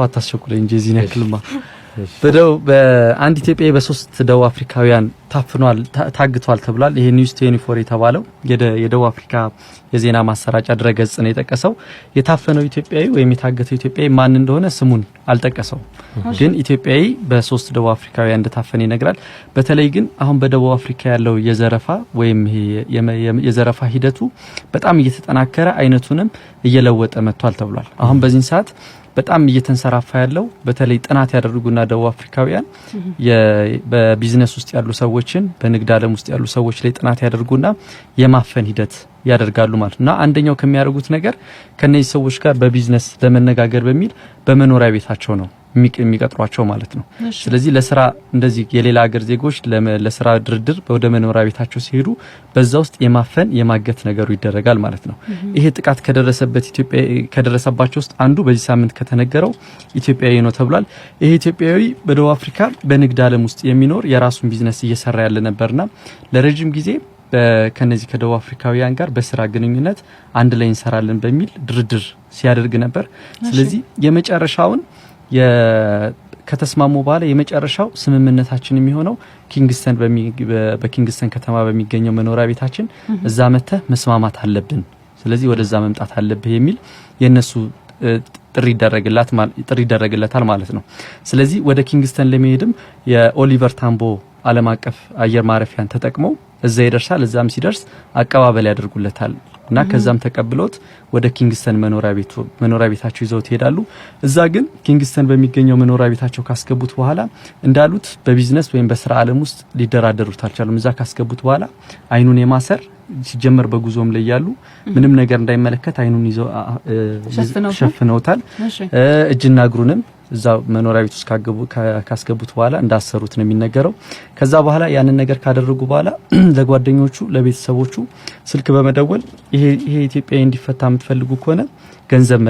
ሰው አታስቸኩለኝ እንጂ እዚህ ያክልማ በደቡብ በአንድ ኢትዮጵያዊ በሶስት ደቡብ አፍሪካውያን ታፍኗል፣ ታግቷል ተብሏል። ይሄ ኒውስ 24 የተባለው የደቡብ አፍሪካ የዜና ማሰራጫ ድረገጽ ነው የጠቀሰው። የታፈነው ኢትዮጵያዊ ወይም የታገተው ኢትዮጵያዊ ማን እንደሆነ ስሙን አልጠቀሰው ግን ኢትዮጵያዊ በሶስት ደቡብ አፍሪካውያን እንደታፈነ ይነግራል። በተለይ ግን አሁን በደቡብ አፍሪካ ያለው የዘረፋ ወይም የዘረፋ ሂደቱ በጣም እየተጠናከረ አይነቱንም እየለወጠ መጥቷል ተብሏል። አሁን በዚህ ሰዓት በጣም እየተንሰራፋ ያለው በተለይ ጥናት ያደረጉና ደቡብ አፍሪካውያን በቢዝነስ ውስጥ ያሉ ሰዎች ሰዎችን በንግድ ዓለም ውስጥ ያሉ ሰዎች ላይ ጥናት ያደርጉና የማፈን ሂደት ያደርጋሉ ማለት እና አንደኛው ከሚያደርጉት ነገር ከነዚህ ሰዎች ጋር በቢዝነስ ለመነጋገር በሚል በመኖሪያ ቤታቸው ነው የሚቀጥሯቸው ማለት ነው። ስለዚህ ለስራ እንደዚህ የሌላ ሀገር ዜጎች ለስራ ድርድር ወደ መኖሪያ ቤታቸው ሲሄዱ በዛ ውስጥ የማፈን የማገት ነገሩ ይደረጋል ማለት ነው። ይሄ ጥቃት ከደረሰበት ኢትዮጵያ ከደረሰባቸው ውስጥ አንዱ በዚህ ሳምንት ከተነገረው ኢትዮጵያዊ ነው ተብሏል። ይሄ ኢትዮጵያዊ በደቡብ አፍሪካ በንግድ ዓለም ውስጥ የሚኖር የራሱን ቢዝነስ እየሰራ ያለ ነበርና ለረጅም ጊዜ ከነዚህ ከደቡብ አፍሪካውያን ጋር በስራ ግንኙነት አንድ ላይ እንሰራለን በሚል ድርድር ሲያደርግ ነበር። ስለዚህ የመጨረሻውን ከተስማሙ በኋላ የመጨረሻው ስምምነታችን የሚሆነው ኪንግስተን በኪንግስተን ከተማ በሚገኘው መኖሪያ ቤታችን እዛ መተ መስማማት አለብን፣ ስለዚህ ወደዛ መምጣት አለብህ የሚል የእነሱ ጥሪ ይደረግለታል ማለት ነው። ስለዚህ ወደ ኪንግስተን ለመሄድም የኦሊቨር ታምቦ ዓለም አቀፍ አየር ማረፊያን ተጠቅመው እዛ ይደርሳል። እዛም ሲደርስ አቀባበል ያደርጉለታል። እና ከዛም ተቀብሎት ወደ ኪንግስተን መኖሪያ ቤታቸው ይዘውት ይሄዳሉ። እዛ ግን ኪንግስተን በሚገኘው መኖሪያ ቤታቸው ካስገቡት በኋላ እንዳሉት በቢዝነስ ወይም በስራ ዓለም ውስጥ ሊደራደሩት አልቻሉም። እዛ ካስገቡት በኋላ አይኑን የማሰር ሲጀመር በጉዞም ላይ ያሉ ምንም ነገር እንዳይመለከት አይኑን ይዘው ሸፍነውታል። እጅና እግሩንም እዛ መኖሪያ ቤት ውስጥ ካስገቡት በኋላ እንዳሰሩት ነው የሚነገረው። ከዛ በኋላ ያንን ነገር ካደረጉ በኋላ ለጓደኞቹ፣ ለቤተሰቦቹ ስልክ በመደወል ይሄ ኢትዮጵያ እንዲፈታ የምትፈልጉ ከሆነ ገንዘብ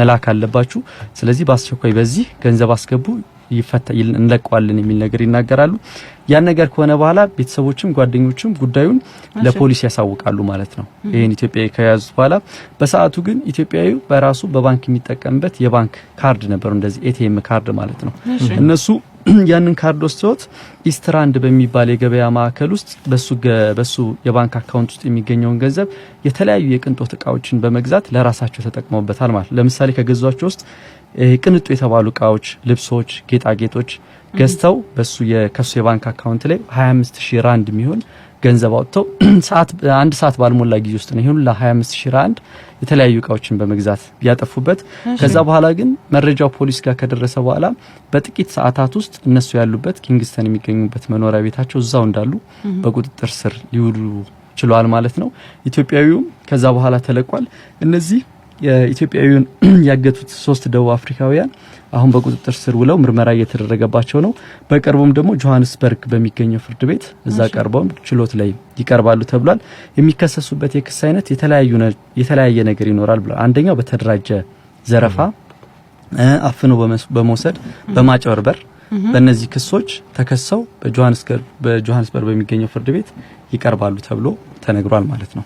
መላክ አለባችሁ፣ ስለዚህ በአስቸኳይ በዚህ ገንዘብ አስገቡ እንለቀዋለን የሚል ነገር ይናገራሉ። ያን ነገር ከሆነ በኋላ ቤተሰቦችም ጓደኞችም ጉዳዩን ለፖሊስ ያሳውቃሉ ማለት ነው። ይህን ኢትዮጵያዊ ከያዙት በኋላ በሰዓቱ ግን ኢትዮጵያዊ በራሱ በባንክ የሚጠቀምበት የባንክ ካርድ ነበር፣ እንደዚህ ኤቲኤም ካርድ ማለት ነው። እነሱ ያንን ካርድ ወስደውት ኢስትራንድ በሚባል የገበያ ማዕከል ውስጥ በሱ በሱ የባንክ አካውንት ውስጥ የሚገኘውን ገንዘብ የተለያዩ የቅንጦት እቃዎችን በመግዛት ለራሳቸው ተጠቅመውበታል ማለት ለምሳሌ ከገዟቸው ውስጥ ቅንጡ የተባሉ እቃዎች፣ ልብሶች፣ ጌጣጌጦች ገዝተው በሱ ከሱ የባንክ አካውንት ላይ 25 ሺህ ራንድ የሚሆን ገንዘብ አውጥተው ሰዓት አንድ ሰዓት ባልሞላ ጊዜ ውስጥ ነው ይሁን ለ25 ራንድ የተለያዩ እቃዎችን በመግዛት ያጠፉበት። ከዛ በኋላ ግን መረጃው ፖሊስ ጋር ከደረሰ በኋላ በጥቂት ሰዓታት ውስጥ እነሱ ያሉበት ኪንግስተን የሚገኙበት መኖሪያ ቤታቸው እዛው እንዳሉ በቁጥጥር ስር ሊውሉ ችሏል ማለት ነው። ኢትዮጵያዊውም ከዛ በኋላ ተለቋል። እነዚህ የኢትዮጵያዊውን ያገቱት ሶስት ደቡብ አፍሪካውያን አሁን በቁጥጥር ስር ውለው ምርመራ እየተደረገባቸው ነው። በቅርቡም ደግሞ ጆሀንስበርግ በሚገኘው ፍርድ ቤት እዛ ቀርበውም ችሎት ላይ ይቀርባሉ ተብሏል። የሚከሰሱበት የክስ አይነት የተለያየ ነገር ይኖራል ብሏል። አንደኛው በተደራጀ ዘረፋ፣ አፍኖ በመውሰድ፣ በማጭበርበር በእነዚህ ክሶች ተከሰው በጆሀንስበርግ በሚገኘው ፍርድ ቤት ይቀርባሉ ተብሎ ተነግሯል ማለት ነው።